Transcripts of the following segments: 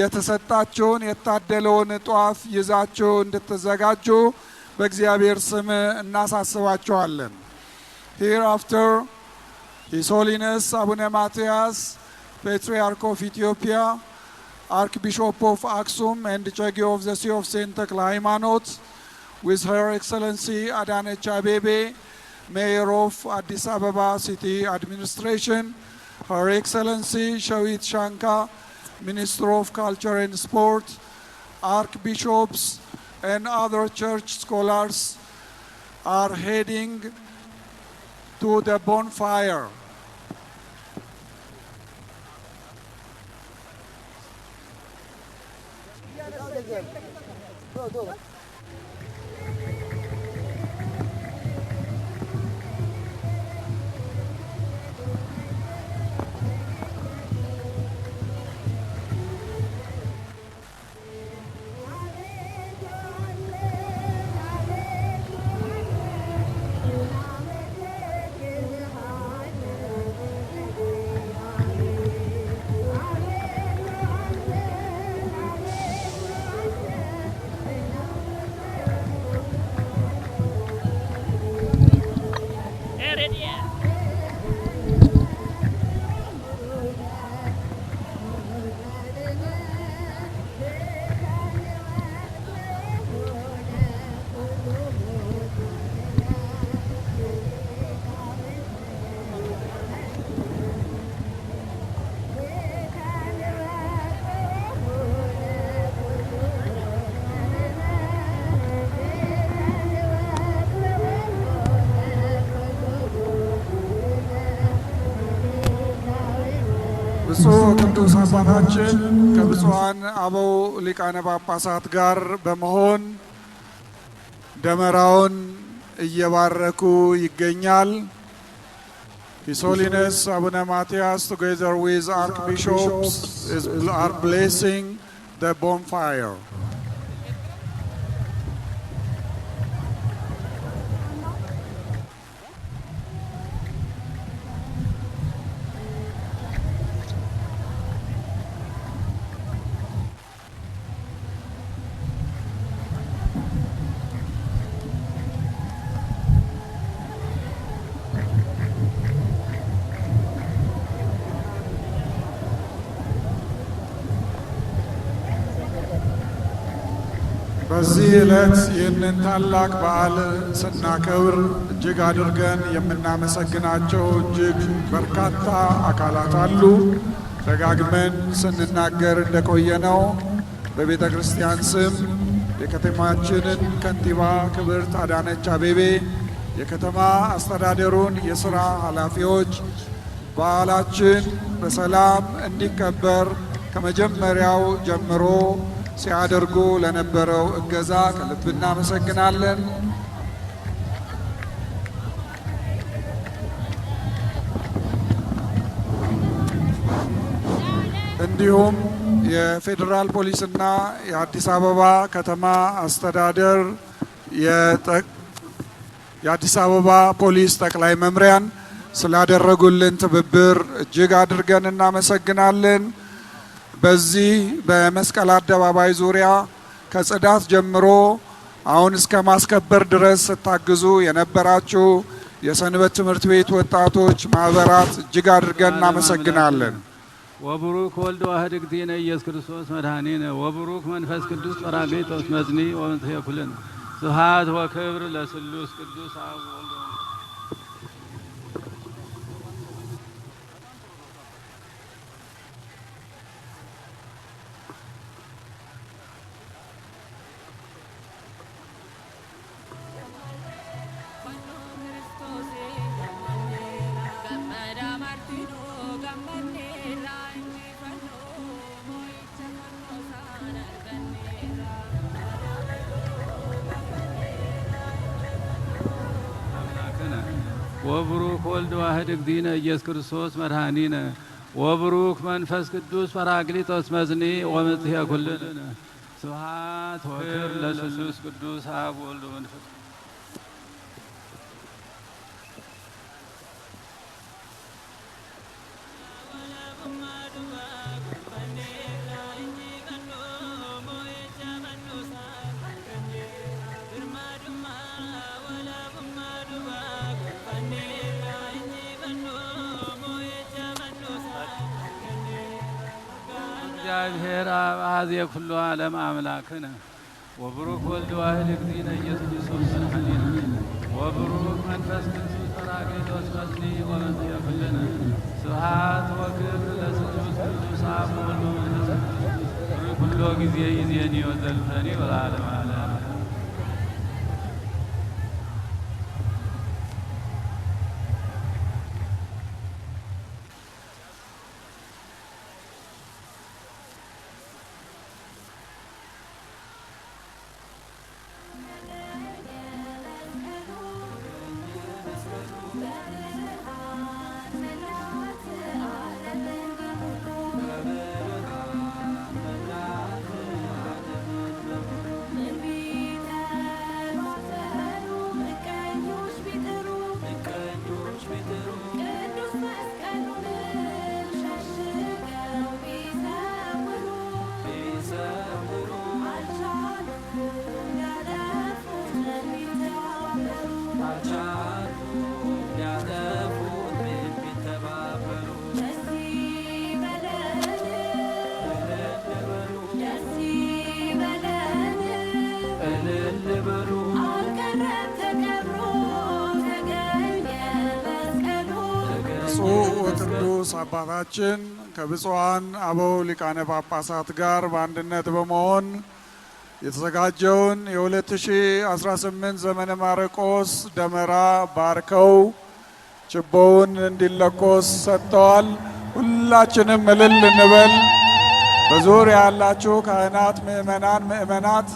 የተሰጣችሁን የታደለውን ጧፍ ይዛችሁ እንድትዘጋጁ በእግዚአብሔር ስም እናሳስባችኋለን። ሂራፍተር ሂስ ሆሊነስ አቡነ ማትያስ ፓትርያርክ ኦፍ ኢትዮጵያ አርክቢሾፕ ኦፍ አክሱም ኤንድ ጨጌ ኦፍ ዘ ሲ ኦፍ ሴንት ተክለ ሃይማኖት ዊዝ ሄር ኤክሰለንሲ አዳነች አቤቤ ሜየር ኦፍ አዲስ አበባ ሲቲ አድሚኒስትሬሽን ሄር ኤክሰለንሲ ሸዊት ሻንካ Minister of Culture and Sport, archbishops, and other church scholars are heading to the bonfire. Go, go. ኦርቶዶክስ አባታችን ከብፁዓን አበው ሊቃነ ጳጳሳት ጋር በመሆን ደመራውን እየባረኩ ይገኛል። His Holiness Abuna Matthias together with archbishops are blessing the bonfire. በዚህ ዕለት ይህንን ታላቅ በዓል ስናከብር እጅግ አድርገን የምናመሰግናቸው እጅግ በርካታ አካላት አሉ። ደጋግመን ስንናገር እንደቆየ ነው። በቤተ ክርስቲያን ስም የከተማችንን ከንቲባ ክብርት አዳነች አቤቤ፣ የከተማ አስተዳደሩን የሥራ ኃላፊዎች በዓላችን በሰላም እንዲከበር ከመጀመሪያው ጀምሮ ሲያደርጉ ለነበረው እገዛ ከልብ እናመሰግናለን። እንዲሁም የፌዴራል ፖሊስና የአዲስ አበባ ከተማ አስተዳደር የአዲስ አበባ ፖሊስ ጠቅላይ መምሪያን ስላደረጉልን ትብብር እጅግ አድርገን እናመሰግናለን። በዚህ በመስቀል አደባባይ ዙሪያ ከጽዳት ጀምሮ አሁን እስከ ማስከበር ድረስ ስታግዙ የነበራችሁ የሰንበት ትምህርት ቤት ወጣቶች ማህበራት እጅግ አድርገን እናመሰግናለን። ወቡሩክ ወልድ ዋህድ እግዚእነ ኢየሱስ ክርስቶስ መድኃኒነ ወቡሩክ መንፈስ ቅዱስ ጰራቅሊጦስ መጽኒ ወመንትየ ኩልነ ስብሐት ወክብር ለስሉስ ቅዱስ ወብሩክ ወልድ ዋህድ እግዚእነ ኢየሱስ ክርስቶስ መድኃኒነ ወብሩክ መንፈስ ቅዱስ ፈራግሊጦስ መዝኒ ወመጽሔ ኩልነ ስብሐት ወክብር ለስሉስ ቅዱስ አብ ወልድ መንፈስ ዘኩሉ ዓለም አምላክነ ወብሩክ ወልድ ዋህድ እግዚእነ ኢየሱስ ክርስቶስ ሐሊነ ወብሩክ መንፈስ ቅዱስ ተራጌቶስ መስኒ ወመትየፍልነ ስብሐት ወክብር ለስሉስ ቅዱስ አብ ወወልድ ወመንፈስ ቅዱስ ኩሎ ጊዜ ይዜኒ ወዘልፈኒ ወለዓለመ አባታችን ከብፁዓን አበው ሊቃነ ጳጳሳት ጋር በአንድነት በመሆን የተዘጋጀውን የ2018 ዘመነ ማርቆስ ደመራ ባርከው ችቦውን እንዲለኮስ ሰጥተዋል። ሁላችንም እልል እንበል። በዙሪያ ያላችሁ ካህናት፣ ምእመናን፣ ምእመናት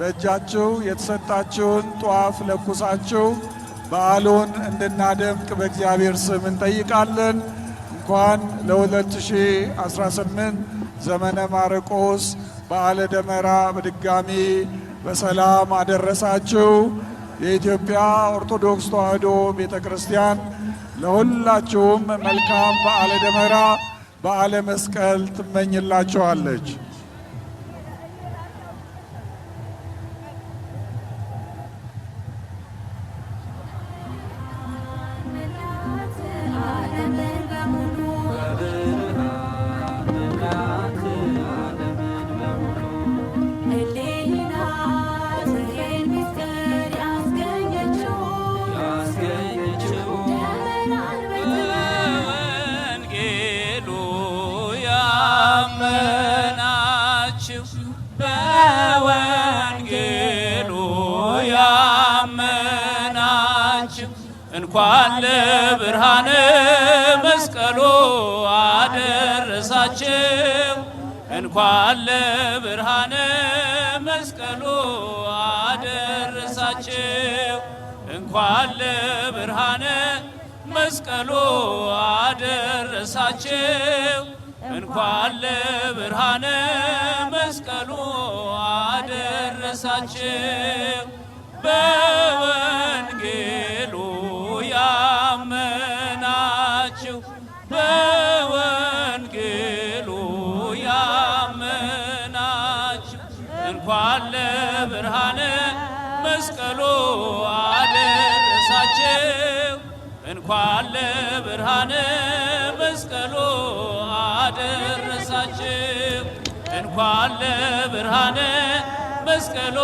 በእጃችሁ የተሰጣችሁን ጧፍ ለኩሳችሁ በዓሉን እንድናደምቅ በእግዚአብሔር ስም እንጠይቃለን። እንኳን ለ2018 ዘመነ ማርቆስ በዓለ ደመራ በድጋሚ በሰላም አደረሳችሁ። የኢትዮጵያ ኦርቶዶክስ ተዋሕዶ ቤተ ክርስቲያን ለሁላችሁም መልካም በዓለ ደመራ፣ በዓለ መስቀል ትመኝላችኋለች። አደረሳችሁ እንኳን ለብርሃነ መስቀሉ አደረሳችሁ እንኳን ለብርሃነ መስቀሉ አደረሳችሁ በወንጌል እንኳን ለብርሃነ መስቀሉ አደረሳችሁ እንኳን ለብርሃነ መስቀሉ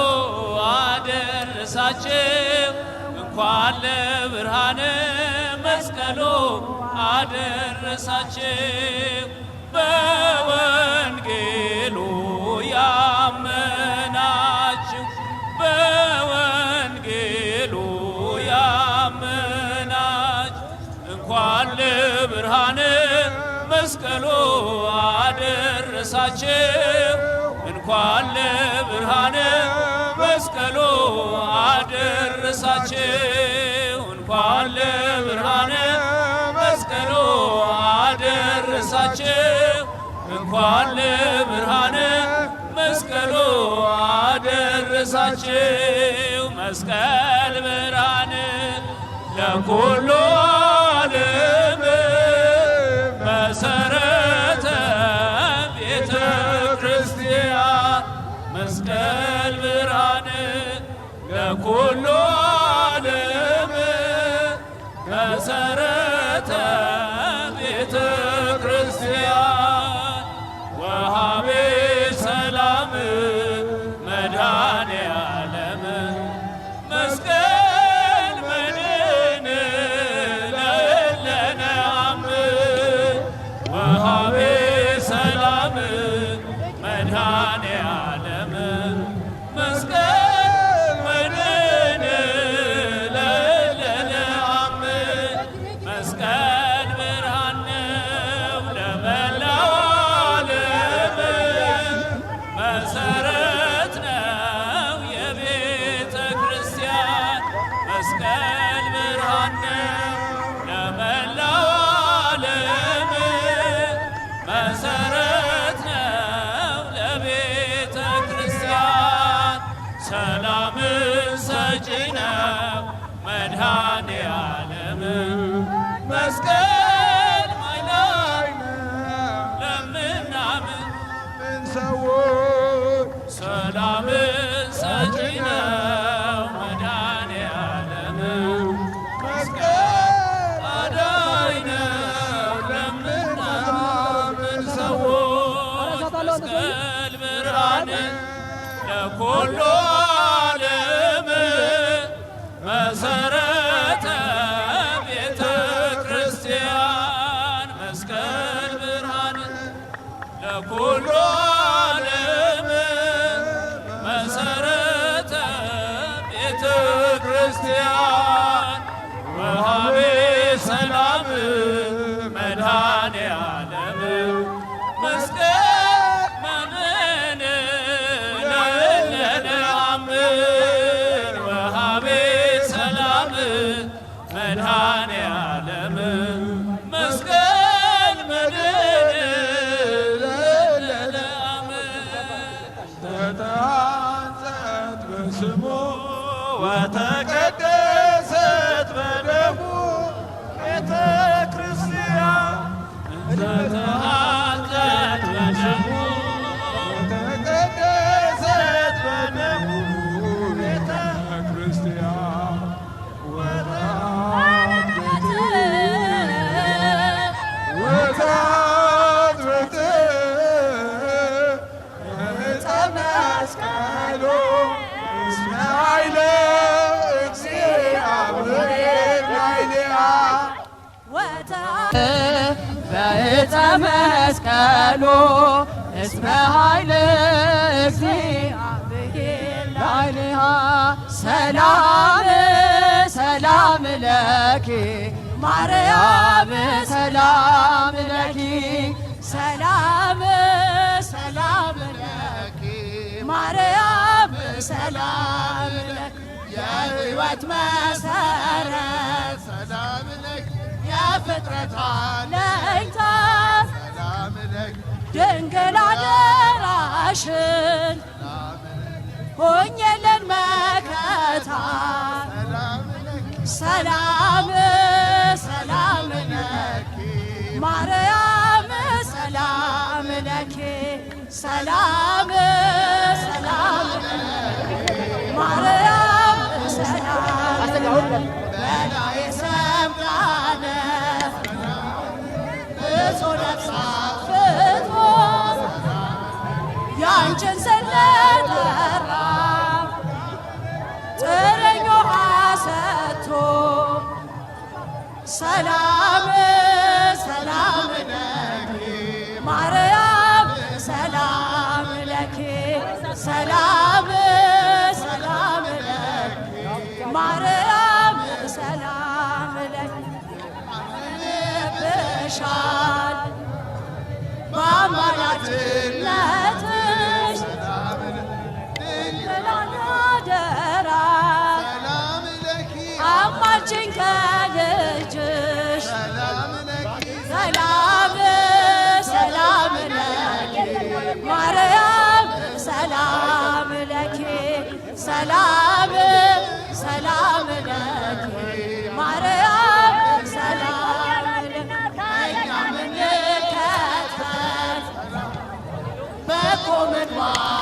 አደረሳችሁ እንኳን ለብርሃነ መስቀሉ አደረሳችሁ መስቀሉ አደረሳቸው እንኳን ለብርሃነ መስቀሉ አደረሳቸው እንኳን ለብርሃነ መስቀሉ አደረሳቸው እንኳን ለብርሃነ መስቀሉ አደረሳቸው መስቀል ብርሃን ለኩሉ and honey. በዕፀ መስቀሉ እስመ ኃይል እግዚአብሔር ሰላም ሰላም ለኪ ማርያም ሰላም ለኪ ሰላም ሰላም ለኪ ማርያም ሰላም የሕይወት መሰረት ለፍጥረታ ለእንተ ድንግል አደራሽን ሆኜልን መከታ ሰላም ሰላም ለኪ ማርያም ሰላም ለኪ ሰላም ሰላም ማርያም ሰላም አንቺን ሰላም 와. 아.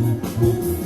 Thank you.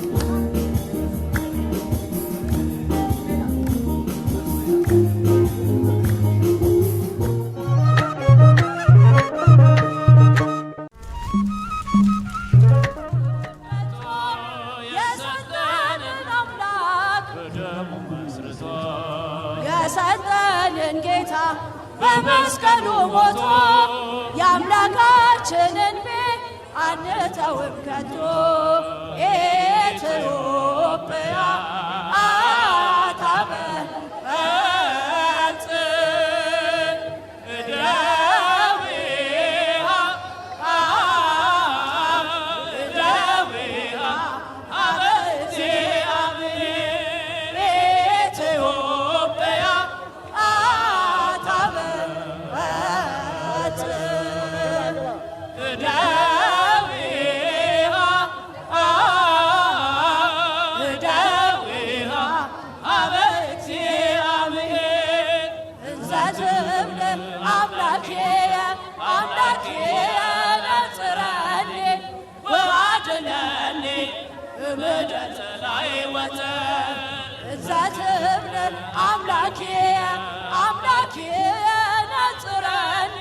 አኪናጽረኒ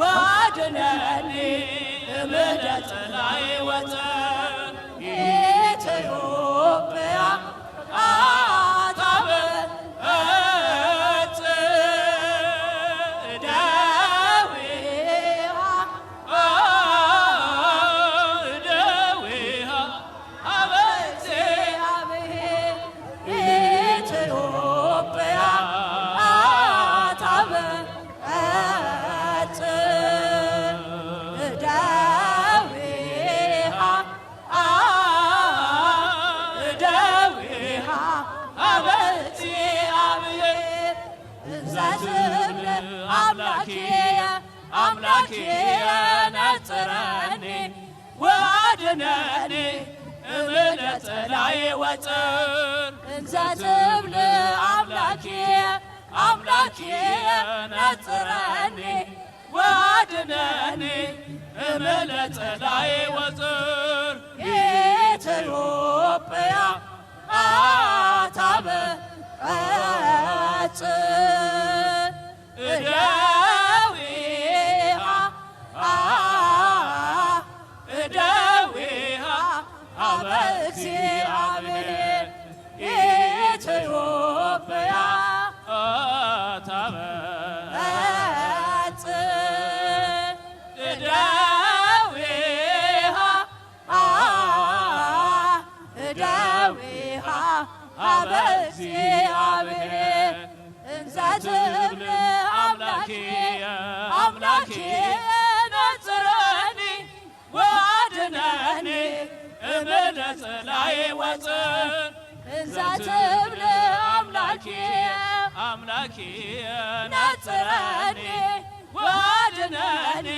ወድነኒ እምደትላይ ወተ እንዘጽር ለአምላኬ አምላኬ ወአድነኒ ኢትዮጵያ አታበ እደ ዛዊሃ ሀበ እግዚአብሔር እንዘትብል አምላኬ አምላኬ ነጽረኒ ወአድነኒ እምነ ጽላዬ ወፅ አምላኬ አምላኬ ነጽረኒ ወአድነኒ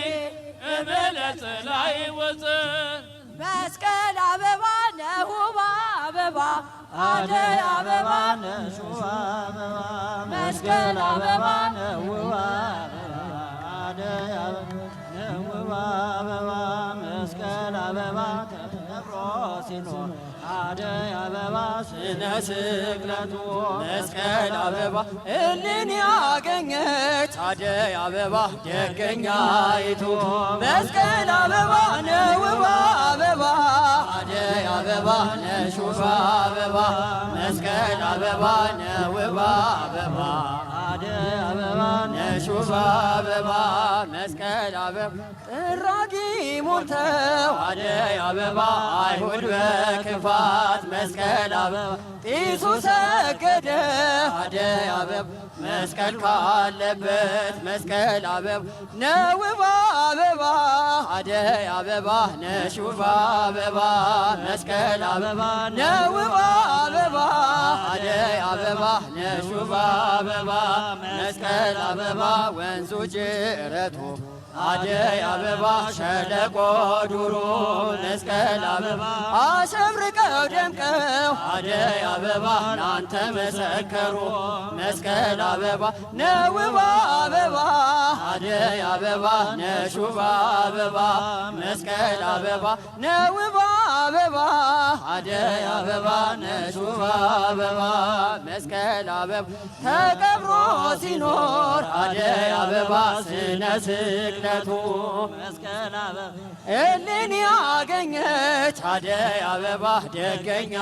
ወፅ መስቀል አበባ አበባ አደይ አበባ ነሽ አበባ መስቀል አበባ ነው አደይ አበባ መስቀል አበባ ተብሮ ሲኖር አደይ አበባ ስነ ስቅለቱ መስቀል አበባ እልን ያገኘች አደይ አበባ ደገኛይቱ መስቀል አበባ ነውባ አበባ አደይ አበባ ነሹፋ አበባ መስቀል አበባ ነውባ አበባ አደ አበባ ነሹባ አበባ መስቀል አበባ ጥራጊ ሞልተው አደ አበባ አይሁድ በክፋት መስቀል አበባ ጢሱ ሰገደ አደ አበባ መስቀል ካለበት መስቀል አበባ ነውብ አበባ አደ አበባ ነሹባ አበባ መስቀል አበባ ነውባ አበባ ነሹባ አበባ መስቀል አበባ ወንዙ ጅረቱ አደይ አበባ ሸለቆ ዱሩ መስቀል አበባ አሸብርቀው ደምቀው አደይ አበባ ናንተ መሰከሩ መስቀል አበባ ነውባ አበባ አደይ አበባ ነሹባ አበባ መስቀል አበባ ነውባ አበባ አደይ አበባ ነሽ ውብ አበባ መስቀል አበባ ተቀብሮ ሲኖር አደይ አበባ ስነ ስቅለቱ መስቀል አበባ እልን ያገኘች አደይ አበባ ደገኛ